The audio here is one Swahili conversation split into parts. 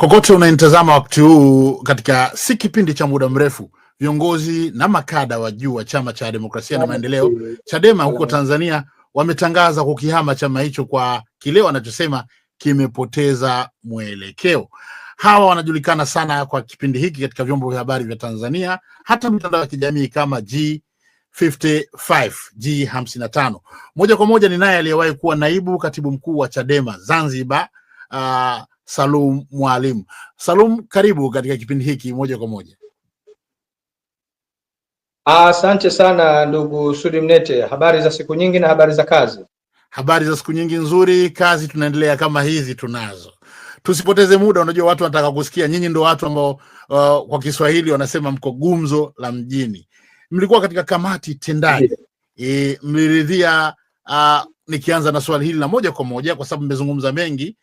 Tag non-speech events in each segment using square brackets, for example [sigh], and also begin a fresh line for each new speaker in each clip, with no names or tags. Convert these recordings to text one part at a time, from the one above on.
kokote unaentazama wakati huu, katika si kipindi cha muda mrefu, viongozi na makada wa juu wa chama cha demokrasia na maendeleo Chadema huko Tanzania wametangaza kukihama chama hicho kwa kile wanachosema kimepoteza mwelekeo. Hawa wanajulikana sana kwa kipindi hiki katika vyombo vya habari vya Tanzania, hata mitandao ya kijamii kama G 55 G 55. Moja kwa moja ni naye aliyewahi kuwa naibu katibu mkuu wa Chadema Zanzibar, uh, Salum Mwalimu. Salum, karibu katika kipindi hiki moja kwa moja.
Asante sana ndugu Sudi Mnete, habari za siku nyingi na habari za kazi.
Habari za siku nyingi nzuri, kazi tunaendelea kama hizi tunazo. Tusipoteze muda, unajua watu wanataka kusikia. Nyinyi ndio watu ambao uh, kwa Kiswahili wanasema mko gumzo la mjini. Mlikuwa katika kamati tendaji e, mliridhia uh, nikianza na swali hili la moja kwa moja, kwa sababu mmezungumza mengi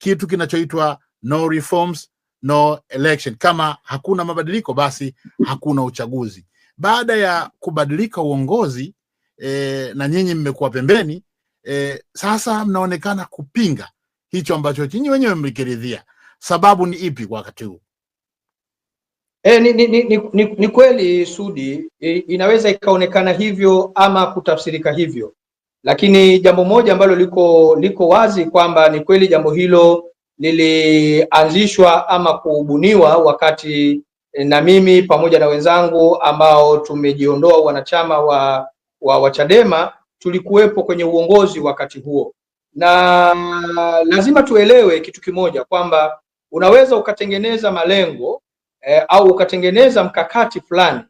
kitu kinachoitwa no reforms no election. Kama hakuna mabadiliko, basi hakuna uchaguzi. Baada ya kubadilika uongozi e, na nyinyi mmekuwa pembeni e, sasa mnaonekana kupinga hicho ambacho nyinyi wenyewe mlikiridhia. Sababu ni ipi kwa wakati huu?
E, ni, ni, ni, ni, ni kweli Sudi, inaweza ikaonekana hivyo ama kutafsirika hivyo lakini jambo moja ambalo liko liko wazi kwamba ni kweli jambo hilo lilianzishwa ama kubuniwa wakati eh, na mimi pamoja na wenzangu ambao tumejiondoa wanachama wa, wa, wachadema tulikuwepo kwenye uongozi wakati huo, na lazima tuelewe kitu kimoja kwamba unaweza ukatengeneza malengo eh, au ukatengeneza mkakati fulani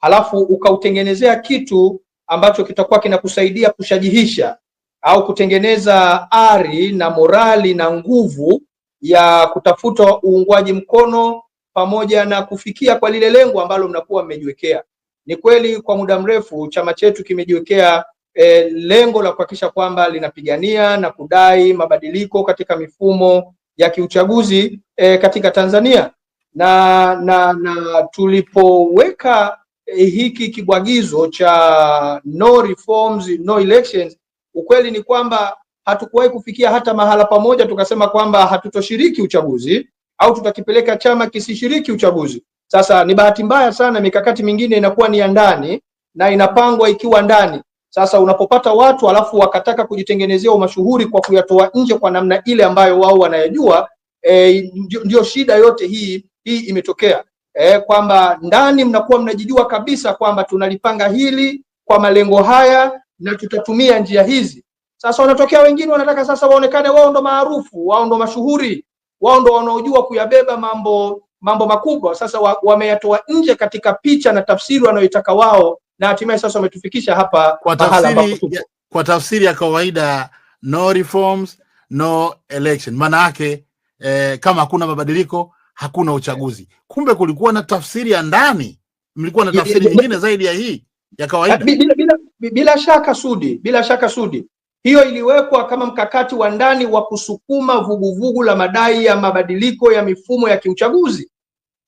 halafu ukautengenezea kitu ambacho kitakuwa kinakusaidia kushajihisha au kutengeneza ari na morali na nguvu ya kutafuta uungwaji mkono pamoja na kufikia kwa lile lengo ambalo mnakuwa mmejiwekea. Ni kweli kwa muda mrefu chama chetu kimejiwekea e, lengo la kuhakikisha kwamba linapigania na kudai mabadiliko katika mifumo ya kiuchaguzi e, katika Tanzania na, na, na tulipoweka Eh, hiki kibwagizo cha no reforms, no elections, ukweli ni kwamba hatukuwahi kufikia hata mahala pamoja tukasema kwamba hatutoshiriki uchaguzi au tutakipeleka chama kisishiriki uchaguzi. Sasa ni bahati mbaya sana, mikakati mingine inakuwa ni ya ndani na inapangwa ikiwa ndani. Sasa unapopata watu alafu wakataka kujitengenezea umashuhuri kwa kuyatoa nje kwa namna ile ambayo wao wanayajua, e, ndio shida yote hii hii imetokea e, kwamba ndani mnakuwa mnajijua kabisa kwamba tunalipanga hili kwa malengo haya na tutatumia njia hizi. Sasa wanatokea wengine wanataka sasa waonekane wao ndo maarufu, wao ndo mashuhuri, wao ndo wanaojua kuyabeba mambo mambo makubwa. Sasa wa, wameyatoa nje katika picha na tafsiri wanayoitaka wao, na hatimaye sasa wametufikisha hapa kwa tafsiri, ya,
kwa tafsiri ya kawaida no reforms, no election. Maana yake eh, kama hakuna mabadiliko hakuna uchaguzi. Kumbe kulikuwa na tafsiri ya ndani, mlikuwa na tafsiri nyingine zaidi ya hii ya kawaida.
Bila, bila, bila shaka Sudi, bila shaka Sudi, hiyo iliwekwa kama mkakati wa ndani wa kusukuma vuguvugu vugu la madai ya mabadiliko ya mifumo ya kiuchaguzi.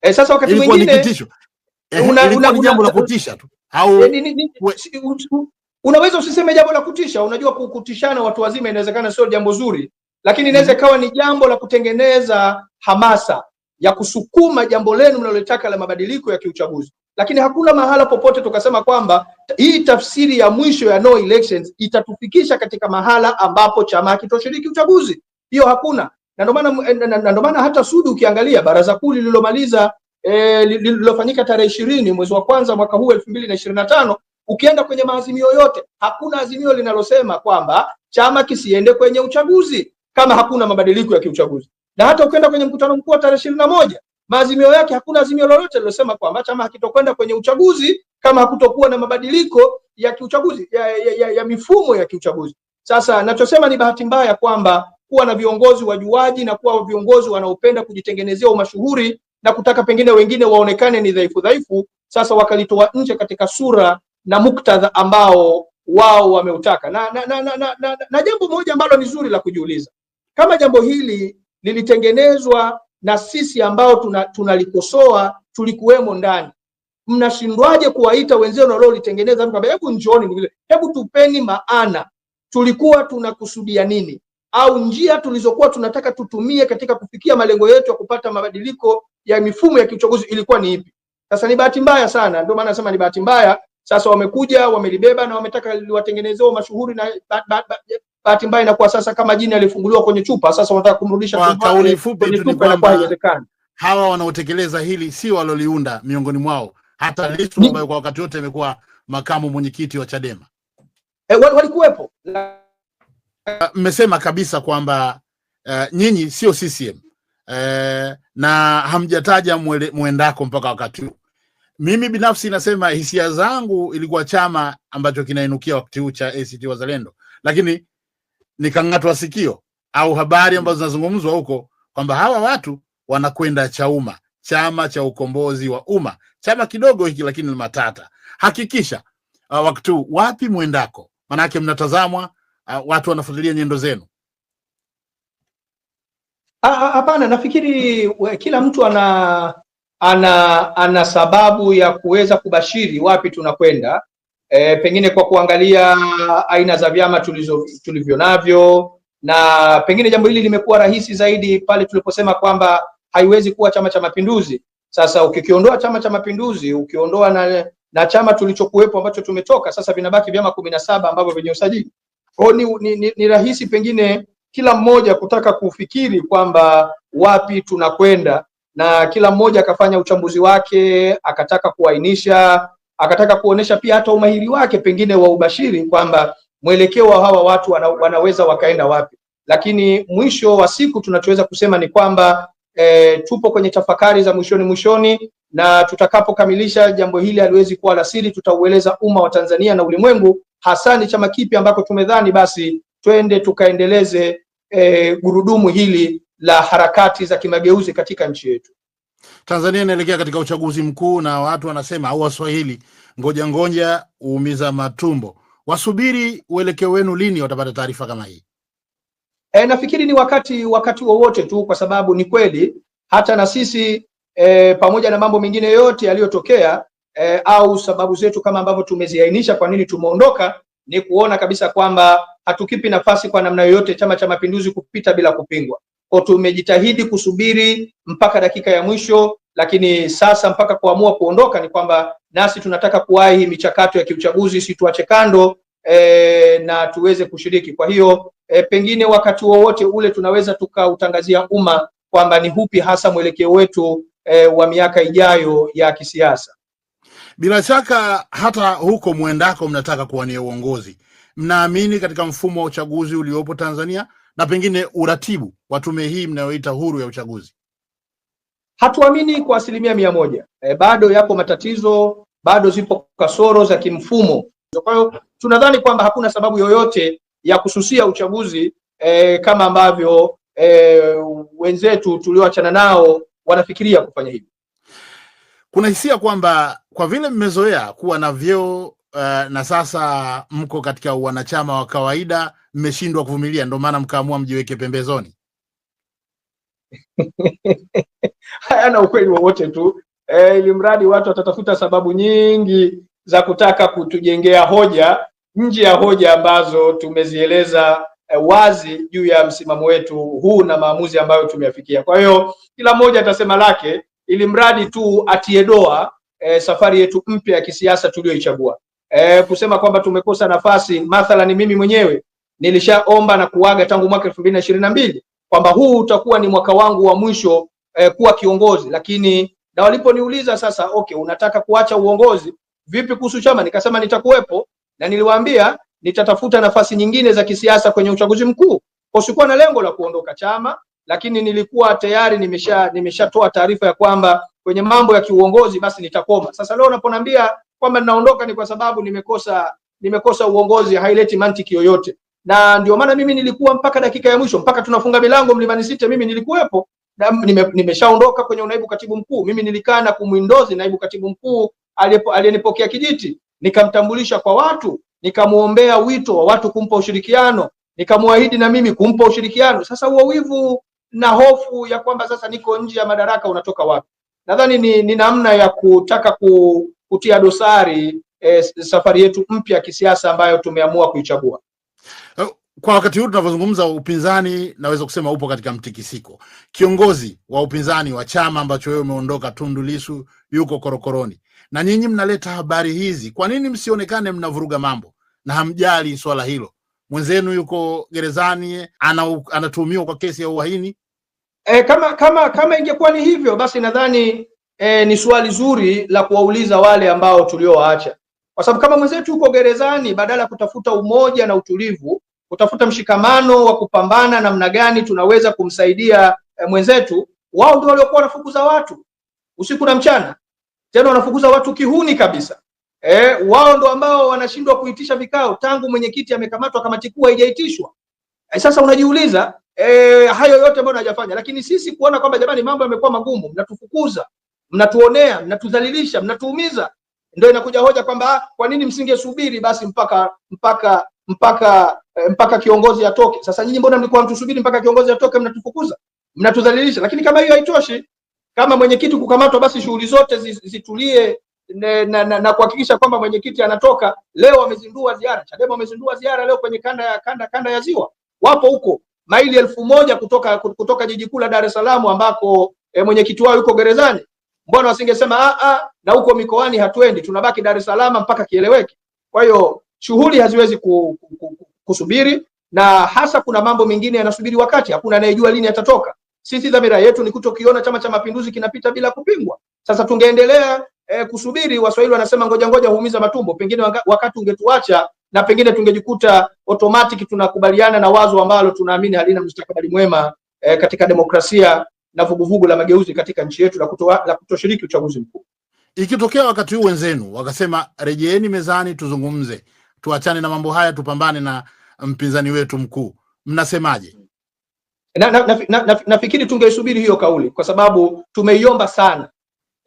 E, sasa wakati mwingine
eh, jambo la kutisha tu au e, unaweza usiseme jambo la kutisha. Unajua, kukutishana watu wazima inawezekana sio jambo zuri,
lakini inaweza mm-hmm. ikawa ni jambo la kutengeneza hamasa ya kusukuma jambo lenu mnalotaka la mabadiliko ya kiuchaguzi, lakini hakuna mahala popote tukasema kwamba hii tafsiri ya mwisho ya no elections itatufikisha katika mahala ambapo chama hakitoshiriki uchaguzi. Hiyo hakuna, na ndio maana eh, ndio maana hata Sudi ukiangalia baraza kuu lililomaliza e, lililofanyika tarehe ishirini mwezi wa kwanza mwaka huu elfu mbili na ishirini na tano ukienda kwenye maazimio yote hakuna azimio linalosema kwamba chama kisiende kwenye uchaguzi kama hakuna mabadiliko ya kiuchaguzi na hata ukienda kwenye mkutano mkuu wa tarehe ishirini na moja maazimio yake hakuna azimio lolote lilosema kwamba chama hakitokwenda kwenye uchaguzi kama hakutokuwa na mabadiliko ya kiuchaguzi ya, ya, ya, ya mifumo ya kiuchaguzi. Sasa nachosema ni bahati mbaya kwamba kuwa na viongozi wajuaji na kuwa viongozi wanaopenda kujitengenezea umashuhuri na kutaka pengine wengine waonekane ni dhaifu dhaifu, sasa wakalitoa nje katika sura na muktadha ambao wao wameutaka. Na, na, na, na, na, na, na jambo moja ambalo ni zuri la kujiuliza, kama jambo hili lilitengenezwa na sisi ambao tunalikosoa tuna tulikuwemo ndani. Mnashindwaje kuwaita wenzenu waliolitengeneza hebu njooni, hebu tupeni maana, tulikuwa tunakusudia nini, au njia tulizokuwa tunataka tutumie katika kufikia malengo yetu ya kupata mabadiliko ya mifumo ya kiuchaguzi ilikuwa ni ipi? Sasa ni bahati mbaya sana, ndio maana nasema ni bahati mbaya. Sasa wamekuja wamelibeba na wametaka liwatengenezewa mashuhuri na ba, ba, ba, bahati mbaya inakuwa sasa kama jini alifunguliwa kwenye chupa, sasa wanataka kumrudisha
kwa kauli fupi tu, ni kwamba hawa wanaotekeleza hili si waloliunda, miongoni mwao hata Lissu ambayo kwa wakati wote amekuwa makamu mwenyekiti wa Chadema
e, walikuwepo.
Eh, mmesema kabisa kwamba uh, nyinyi sio CCM uh, na hamjataja mwendako mpaka wakati huu. Mimi binafsi nasema hisia zangu ilikuwa chama ambacho kinainukia wakati huu cha ACT Wazalendo, lakini nikang'atwa sikio au habari ambazo zinazungumzwa huko kwamba hawa watu wanakwenda Chauma, chama cha ukombozi wa umma, chama kidogo hiki lakini matata. Hakikisha uh, wakati wapi mwendako, manake mnatazamwa, uh, watu wanafuatilia nyendo zenu.
Ah, ah, hapana, nafikiri we, kila mtu ana ana ana sababu ya kuweza kubashiri wapi tunakwenda e, pengine kwa kuangalia aina za vyama tulivyo navyo, na pengine jambo hili limekuwa rahisi zaidi pale tuliposema kwamba haiwezi kuwa Chama cha Mapinduzi. Sasa ukikiondoa Chama cha Mapinduzi, ukiondoa na, na chama tulichokuwepo ambacho tumetoka sasa, vinabaki vyama kumi na saba ambavyo vyenye usajili o ni, ni, ni, ni rahisi pengine kila mmoja kutaka kufikiri kwamba wapi tunakwenda, na kila mmoja akafanya uchambuzi wake akataka kuainisha akataka kuonesha pia hata umahiri wake pengine wa ubashiri kwamba mwelekeo wa hawa watu wana, wanaweza wakaenda wapi. Lakini mwisho wa siku tunachoweza kusema ni kwamba e, tupo kwenye tafakari za mwishoni mwishoni, na tutakapokamilisha jambo hili haliwezi kuwa la siri, tutaueleza umma wa Tanzania na ulimwengu hasa ni chama kipi ambako tumedhani basi twende tukaendeleze e, gurudumu hili la harakati za kimageuzi katika nchi yetu.
Tanzania inaelekea katika uchaguzi mkuu na watu wanasema au Waswahili, ngoja ngoja uumiza matumbo. Wasubiri uelekeo wenu lini watapata taarifa kama hii?
E, nafikiri ni wakati wakati wowote tu, kwa sababu ni kweli hata na sisi e, pamoja na mambo mengine yote yaliyotokea e, au sababu zetu kama ambavyo tumeziainisha kwa nini tumeondoka, ni kuona kabisa kwamba hatukipi nafasi kwa namna yoyote Chama cha Mapinduzi kupita bila kupingwa tumejitahidi kusubiri mpaka dakika ya mwisho, lakini sasa mpaka kuamua kuondoka ni kwamba nasi tunataka kuwahi michakato ya kiuchaguzi, si tuache kando e, na tuweze kushiriki. Kwa hiyo e, pengine wakati wowote ule tunaweza tukautangazia umma kwamba ni hupi hasa mwelekeo wetu e, wa miaka ijayo ya kisiasa.
Bila shaka hata huko mwendako mnataka kuwania uongozi, mnaamini katika mfumo wa uchaguzi uliopo Tanzania? na pengine uratibu wa tume hii mnayoita huru ya uchaguzi?
Hatuamini kwa asilimia mia moja. E, bado yapo matatizo, bado zipo kasoro za kimfumo. Kwa hiyo tunadhani kwamba hakuna sababu yoyote ya kususia uchaguzi e, kama ambavyo e, wenzetu tulioachana nao wanafikiria kufanya hivyo.
Kuna hisia kwamba kwa vile mmezoea kuwa na vyeo uh, na sasa mko katika wanachama wa kawaida mmeshindwa kuvumilia, ndio maana mkaamua mjiweke pembezoni?
[laughs] hayana ukweli wowote tu e, ili mradi watu watatafuta sababu nyingi za kutaka kutujengea hoja nje ya hoja ambazo tumezieleza e, wazi juu ya msimamo wetu huu na maamuzi ambayo tumeyafikia. Kwa hiyo kila mmoja atasema lake, ili mradi tu atie doa e, safari yetu mpya ya kisiasa tuliyoichagua. E, kusema kwamba tumekosa nafasi, mathalani mimi mwenyewe nilishaomba na kuaga tangu mwaka elfu mbili na ishirini na mbili kwamba huu utakuwa ni mwaka wangu wa mwisho eh, kuwa kiongozi, lakini na waliponiuliza sasa, okay, unataka kuacha uongozi vipi kuhusu chama, nikasema nitakuwepo, na niliwaambia nitatafuta nafasi nyingine za kisiasa kwenye uchaguzi mkuu. Kwa sikuwa na lengo la kuondoka chama, lakini nilikuwa tayari nimesha nimeshatoa taarifa ya kwamba kwenye mambo ya kiuongozi basi nitakoma. Sasa leo unaponiambia kwamba ninaondoka ni kwa sababu nimekosa nimekosa uongozi, haileti mantiki yoyote na ndio maana mimi nilikuwa mpaka dakika ya mwisho, mpaka tunafunga milango Mlimani City, mimi nilikuwepo na nime, nimeshaondoka kwenye unaibu katibu mkuu. Mimi nilikaa na kumwindozi naibu katibu mkuu aliyenipokea kijiti, nikamtambulisha kwa watu, nikamuombea wito wa watu kumpa ushirikiano, nikamwahidi na mimi kumpa ushirikiano. Sasa huo wivu na hofu ya kwamba sasa niko nje ya madaraka unatoka wapi? Nadhani ni, ni namna ya kutaka kutia dosari eh, safari yetu mpya ya kisiasa ambayo tumeamua kuichagua.
Eh, kwa wakati huu tunavyozungumza, upinzani naweza kusema upo katika mtikisiko. Kiongozi wa upinzani wa chama ambacho wewe umeondoka, Tundu Lissu, yuko korokoroni, na nyinyi mnaleta habari hizi. Kwa nini msionekane mnavuruga mambo na hamjali swala hilo? Mwenzenu yuko gerezani, anatuhumiwa kwa kesi ya uhaini.
E, kama kama kama ingekuwa ni hivyo basi nadhani e, ni swali zuri la kuwauliza wale ambao tuliowaacha kwa sababu kama mwenzetu uko gerezani, badala ya kutafuta umoja na utulivu, kutafuta mshikamano wa kupambana namna gani tunaweza kumsaidia eh, mwenzetu, wao ndio waliokuwa wanafukuza watu usiku na mchana, tena wanafukuza watu kihuni kabisa. E, wao ndo ambao wanashindwa kuitisha vikao tangu mwenyekiti amekamatwa, kamati kuu haijaitishwa. E, sasa unajiuliza e, hayo yote ambayo hajafanya, lakini sisi kuona kwamba jamani, mambo yamekuwa magumu, mnatufukuza, mnatuonea, mnatudhalilisha, mnatuumiza, ndio inakuja hoja kwamba ah, kwa nini msingesubiri basi mpaka mpaka mpaka eh, mpaka kiongozi atoke. Sasa nyinyi mbona mlikuwa mtusubiri mpaka kiongozi atoke? Mnatufukuza, mnatudhalilisha. Lakini kama hiyo haitoshi, kama mwenyekiti kukamatwa, basi shughuli zote zitulie na, na, na, na kuhakikisha kwamba mwenyekiti anatoka. Leo wamezindua ziara, Chadema wamezindua ziara leo kwenye kanda ya kanda kanda ya Ziwa, wapo huko maili elfu moja kutoka kutoka jiji kuu la Dar es Salaam ambako e, mwenyekiti wao yuko gerezani. Mbona wasingesema a ah, a, ah, na huko mikoani hatuendi, tunabaki Dar es Salaam mpaka kieleweke? Kwa hiyo shughuli haziwezi ku, ku, ku, kusubiri na hasa kuna mambo mengine yanasubiri wakati, hakuna anayejua lini yatatoka. Sisi dhamira yetu ni kutokiona Chama cha Mapinduzi kinapita bila kupingwa. Sasa tungeendelea e, kusubiri. Waswahili wanasema ngoja ngoja huumiza matumbo, pengine wakati ungetuacha na pengine tungejikuta automatic tunakubaliana na wazo ambalo tunaamini halina mustakabali mwema e, katika demokrasia na vuguvugu la mageuzi katika nchi yetu la kutoshiriki uchaguzi mkuu.
Ikitokea wakati huu wenzenu wakasema rejeeni mezani, tuzungumze, tuachane na mambo haya, tupambane na mpinzani wetu mkuu, mnasemaje?
Nafikiri na, na, na, na tungeisubiri hiyo kauli kwa sababu tumeiomba sana.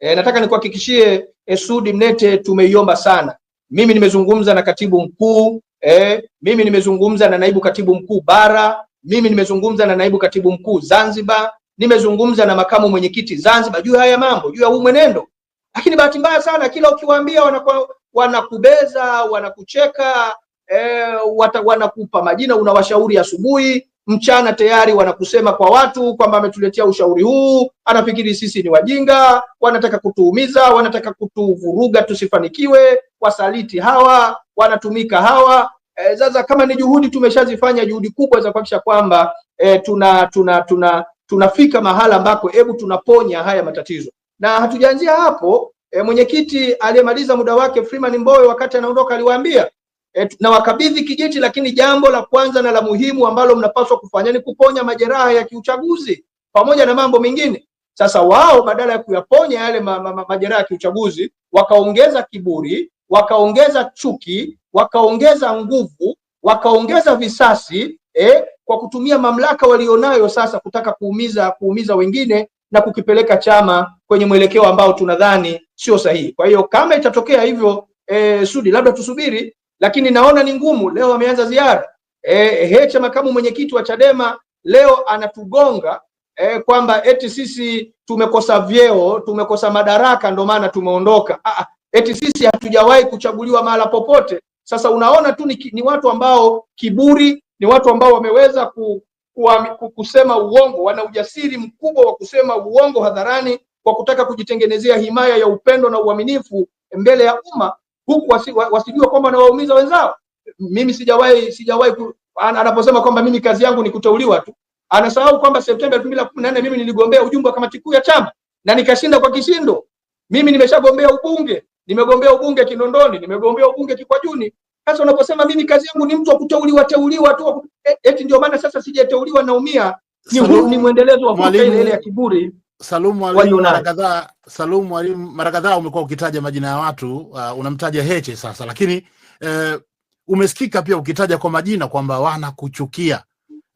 E, nataka nikuhakikishie Esudi eh, Mnete, tumeiomba sana. Mimi nimezungumza na katibu mkuu e, mimi nimezungumza na naibu katibu mkuu bara, mimi nimezungumza na naibu katibu mkuu Zanzibar, nimezungumza na makamu mwenyekiti Zanzibar juu ya haya mambo, juu ya huu mwenendo, lakini bahati mbaya sana kila ukiwaambia wanaku, wanakubeza wanakucheka, e, wata, wanakupa majina, unawashauri asubuhi, mchana tayari wanakusema kwa watu kwamba ametuletea ushauri huu, anafikiri sisi ni wajinga, wanataka kutuumiza, wanataka kutuvuruga tusifanikiwe, wasaliti hawa, wanatumika hawa. Eh, sasa e, kama ni juhudi tumeshazifanya juhudi kubwa za kuhakikisha kwamba e, tuna tuna tuna tunafika mahala ambako hebu tunaponya haya matatizo, na hatujaanzia hapo. E, mwenyekiti aliyemaliza muda wake Freeman Mbowe wakati anaondoka aliwaambia e, na wakabidhi kijiti, lakini jambo la kwanza na la muhimu ambalo mnapaswa kufanya ni kuponya majeraha ya kiuchaguzi pamoja na mambo mengine. Sasa wao badala ya kuyaponya yale ma, ma, ma, majeraha ya kiuchaguzi wakaongeza kiburi, wakaongeza chuki, wakaongeza nguvu, wakaongeza visasi eh, kwa kutumia mamlaka walionayo sasa kutaka kuumiza kuumiza wengine na kukipeleka chama kwenye mwelekeo ambao tunadhani sio sahihi. Kwa hiyo kama itatokea hivyo e, Sudi, labda tusubiri, lakini naona ni ngumu. Leo ameanza ziara e, Heche makamu mwenyekiti wa Chadema leo anatugonga e, kwamba eti sisi tumekosa vyeo, tumekosa madaraka, ndio maana tumeondoka. Aa, ah, ah, eti sisi hatujawahi kuchaguliwa mahala popote. Sasa unaona tu ni, ni watu ambao kiburi ni watu ambao wameweza ku, ku, ku, kusema uongo, wana ujasiri mkubwa wa kusema uongo hadharani kwa kutaka kujitengenezea himaya ya upendo na uaminifu mbele ya umma, huku wasijua kwamba wanawaumiza wenzao. Mimi sijawahi sijawahi anaposema kwamba mimi kazi yangu ni kuteuliwa tu, anasahau kwamba Septemba 2014 mimi niligombea ujumbe wa kamati kuu ya chama na nikashinda kwa kishindo. Mimi nimeshagombea ubunge, nimegombea ubunge Kinondoni, nimegombea ubunge Kikwajuni, sasa unaposema mimi kazi yangu ni mtu wa kuteuliwa teuliwa tu, e, eti ndio maana sasa sijateuliwa naumia, ni huu ni mwendelezo wa ile ile ya kiburi.
Salumu Mwalimu, mara kadhaa Salumu Mwalimu, mara kadhaa umekuwa ukitaja majina ya watu uh, unamtaja Heche sasa, lakini uh, umesikika pia ukitaja kwa majina kwamba wanakuchukia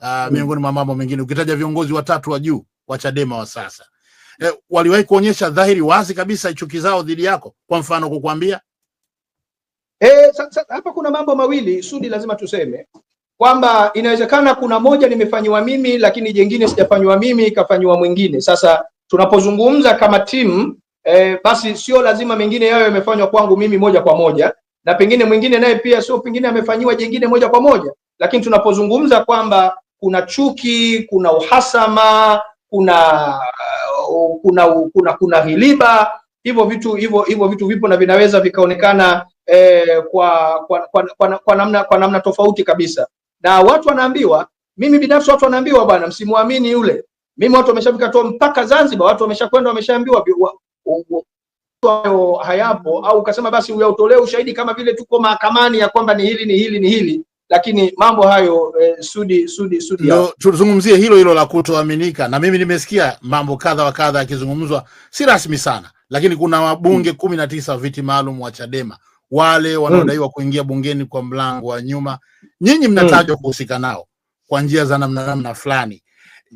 uh, miongoni mwa mambo mengine ukitaja viongozi watatu wa juu wa Chadema wa sasa uh, waliwahi kuonyesha dhahiri wazi kabisa chuki zao dhidi yako, kwa mfano kukwambia
E, hapa kuna mambo mawili Sudi, lazima tuseme kwamba inawezekana kuna moja nimefanyiwa mimi, lakini jengine sijafanyiwa mimi, ikafanyiwa mwingine. Sasa tunapozungumza kama timu e, eh, basi sio lazima mengine yayo yamefanywa kwangu mimi moja kwa moja, na pengine mwingine naye pia sio pengine amefanyiwa jengine moja kwa moja, lakini tunapozungumza kwamba kuna chuki, kuna uhasama, kuna uh, kuna, uh, kuna kuna hiliba, hivyo vitu hivyo hivyo vitu vipo na vinaweza vikaonekana eh, kwa, kwa, kwa, kwa, kwa, namna, kwa namna tofauti kabisa, na watu wanaambiwa, mimi binafsi watu wanaambiwa bwana, msimwamini yule. Mimi watu wameshafika tu mpaka Zanzibar, watu wameshakwenda wameshaambiwa hayo hayapo, au ukasema basi uyautolee ushahidi kama vile tuko mahakamani ya kwamba ni hili ni hili ni hili, lakini mambo hayo eh, Sudi, Sudi, Sudi no,
tuzungumzie hilo hilo la kutoaminika. Na mimi nimesikia mambo kadha wa kadha yakizungumzwa, si rasmi sana, lakini kuna wabunge hmm. kumi na tisa viti maalum wa Chadema wale wanaodaiwa mm. kuingia bungeni kwa mlango wa nyuma. Nyinyi mnatajwa mm. kuhusika nao kwa njia za namna namna fulani.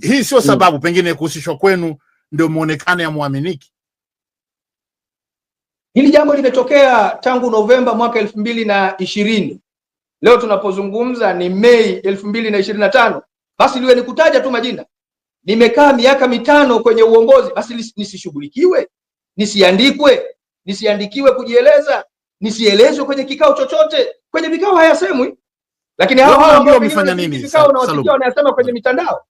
Hii sio mm. sababu pengine kuhusishwa kwenu ndio muonekane mwaminiki
Hili jambo limetokea tangu Novemba mwaka elfu mbili na ishirini. Leo tunapozungumza ni Mei elfu mbili na ishirini na tano. Basi liwe ni kutaja tu majina, nimekaa miaka mitano kwenye uongozi, basi nisishughulikiwe? Nisiandikwe? Nisiandikiwe kujieleza? nisielezwe kwenye kikao chochote. Kwenye vikao hayasemwi, lakini hao hao ambao
wamefanya nini?
Vikao na wasikia wanasema kwenye mitandao.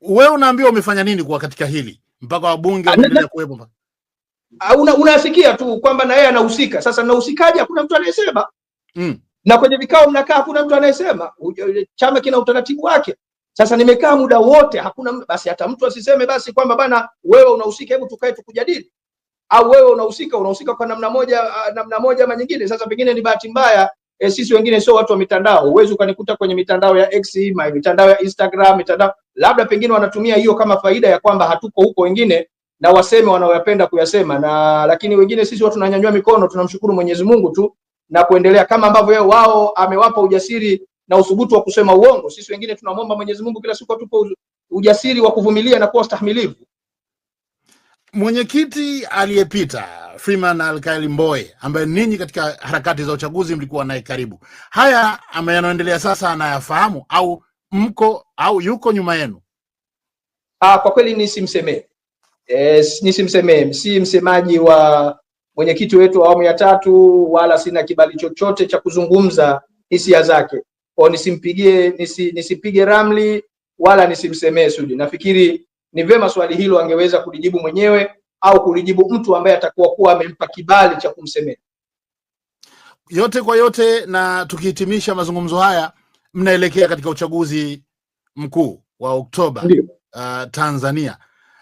Wewe unaambiwa umefanya nini kwa katika hili mpaka wabunge ah, wanaendelea kuwepo?
Ah, una, unasikia tu kwamba na yeye anahusika. Sasa nahusikaje? Hakuna mtu anayesema mm. na kwenye vikao mnakaa, hakuna mtu anayesema. E, e, chama kina utaratibu wake. Sasa nimekaa muda wote, hakuna basi, hata mtu asiseme basi kwamba bana, wewe unahusika, hebu tukae tukujadili au wewe unahusika, unahusika kwa namna moja, ah, namna moja ama nyingine. Sasa pengine ni bahati mbaya e, sisi wengine sio watu wa mitandao, huwezi ukanikuta kwenye mitandao ya X, mitandao ya Instagram, mitandao labda pengine wanatumia hiyo kama faida ya kwamba hatuko huko wengine na waseme wanaoyapenda kuyasema, na lakini wengine sisi watu tunanyanyua mikono, tunamshukuru Mwenyezi Mungu tu na kuendelea kama ambavyo yeye wao amewapa ujasiri na uthubutu wa kusema uongo. Sisi wengine tunamwomba Mwenyezi Mungu kila siku atupe ujasiri wa kuvumilia na kuwa stahimilivu.
Mwenyekiti aliyepita Freeman Alkaeli mboe ambaye ninyi katika harakati za uchaguzi mlikuwa naye karibu, haya ambayo sasa anayafahamu au mko au yuko nyuma yenu?
Ah, kwa kweli nisimsemee, e, eh, nisimsemee, si msemaji wa mwenyekiti wetu wa awamu ya tatu, wala sina kibali chochote cha kuzungumza hisia zake kwao. Nisimpigie, nisipige ramli wala nisimsemee Sudi. Nafikiri ni vyema swali hilo angeweza kulijibu mwenyewe au kulijibu mtu ambaye atakuwa kuwa amempa kibali cha kumsemea.
Yote kwa yote, na tukihitimisha mazungumzo haya, mnaelekea katika uchaguzi mkuu wa Oktoba uh, Tanzania.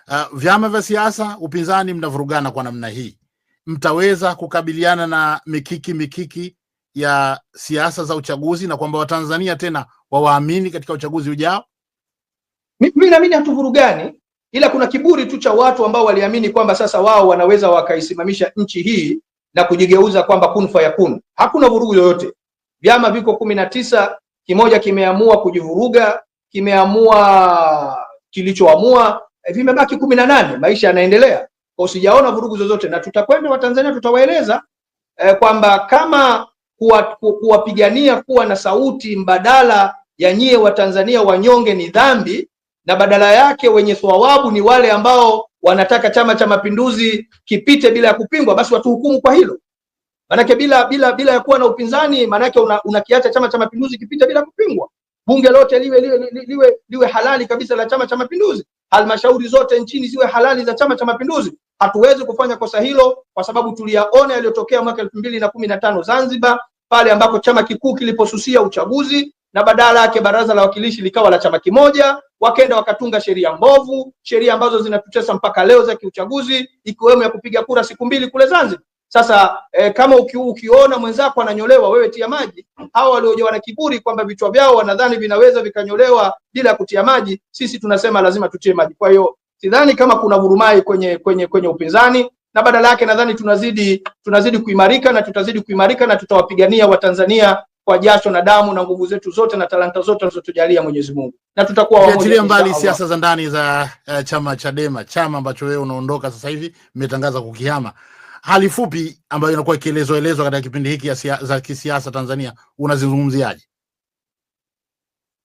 Uh, vyama vya siasa upinzani mnavurugana kwa namna hii, mtaweza kukabiliana na mikiki mikiki ya siasa za uchaguzi na kwamba Watanzania tena wawaamini katika uchaguzi ujao?
Mimi naamini hatuvurugani ila kuna kiburi tu cha watu ambao waliamini kwamba sasa wao wanaweza wakaisimamisha nchi hii na kujigeuza kwamba kun fayakun. Hakuna vurugu yoyote, vyama viko kumi na tisa, kimoja kimeamua kujivuruga, kimeamua kilichoamua, eh, vimebaki kumi na nane. Maisha yanaendelea kwa, sijaona vurugu zozote, na tutakwenda Watanzania tutawaeleza eh, kwamba kama kuwapigania kuwa, kuwa na sauti mbadala ya nyie Watanzania wanyonge ni dhambi na badala yake wenye thawabu ni wale ambao wanataka Chama cha Mapinduzi kipite bila ya kupingwa, basi watuhukumu kwa hilo. Manake bila bila bila ya kuwa na upinzani, manake unakiacha una Chama cha Mapinduzi kipite bila kupingwa, bunge lote liwe liwe liwe liwe halali kabisa la Chama cha Mapinduzi, halmashauri zote nchini ziwe halali za Chama cha Mapinduzi. Hatuwezi kufanya kosa hilo kwa sababu tuliyaona yaliyotokea mwaka elfu mbili na kumi na tano Zanzibar, pale ambako chama kikuu kiliposusia uchaguzi na badala yake baraza la wawakilishi likawa la chama kimoja, wakaenda wakatunga sheria mbovu, sheria ambazo zinatutesa mpaka leo za kiuchaguzi, ikiwemo ya kupiga kura siku mbili kule Zanzibar. Sasa eh, kama uki, ukiona mwenzako ananyolewa wewe tia maji. Hawa waliojawa na kiburi kwamba vichwa vyao wanadhani vinaweza vikanyolewa bila ya kutia maji, sisi tunasema lazima tutie maji. Kwa hiyo sidhani kama kuna vurumai kwenye kwenye kwenye upinzani, na badala yake nadhani tunazidi tunazidi kuimarika na tutazidi kuimarika na tutawapigania Watanzania kwa jasho na damu na nguvu zetu zote na talanta zote alizotujalia Mwenyezi Mungu,
na tutakuwa wamoja. Achilia mbali siasa za ndani za uh, chama Chadema, chama ambacho wewe unaondoka sasa hivi, mmetangaza kukihama. Hali fupi ambayo inakuwa ikielezwa elezwa katika kipindi hiki ya siya, za kisiasa Tanzania unazizungumziaje?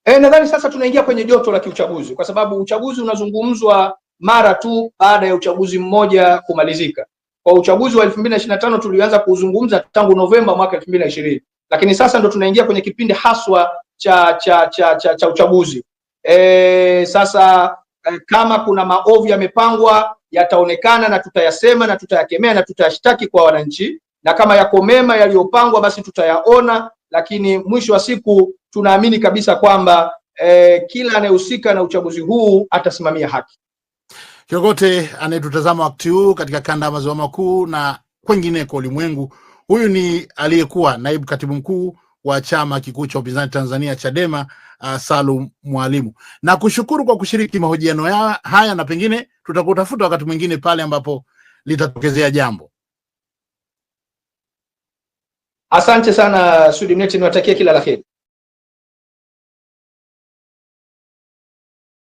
E, nadhani sasa tunaingia kwenye joto la kiuchaguzi, kwa sababu uchaguzi unazungumzwa mara tu baada ya uchaguzi mmoja kumalizika. Kwa uchaguzi wa elfu mbili na ishirini na tano tulianza kuzungumza tangu Novemba mwaka elfu mbili na ishirini lakini sasa ndo tunaingia kwenye kipindi haswa cha cha cha cha, cha uchaguzi. E, sasa e, kama kuna maovu yamepangwa yataonekana na tutayasema na tutayakemea na tutayashtaki kwa wananchi, na kama yako mema yaliyopangwa basi tutayaona, lakini mwisho wa siku tunaamini kabisa kwamba e, kila anayehusika na uchaguzi huu atasimamia haki.
Yoyote anayetutazama wakati huu katika kanda ya maziwa makuu na kwengineko ulimwengu Huyu ni aliyekuwa naibu katibu mkuu wa chama kikuu cha upinzani Tanzania Chadema, uh, Salum Mwalimu. Na kushukuru kwa kushiriki mahojiano haya, na pengine tutakutafuta wakati mwingine pale ambapo litatokezea jambo. Asante sana Sudi Mneti, niwatakie kila la heri.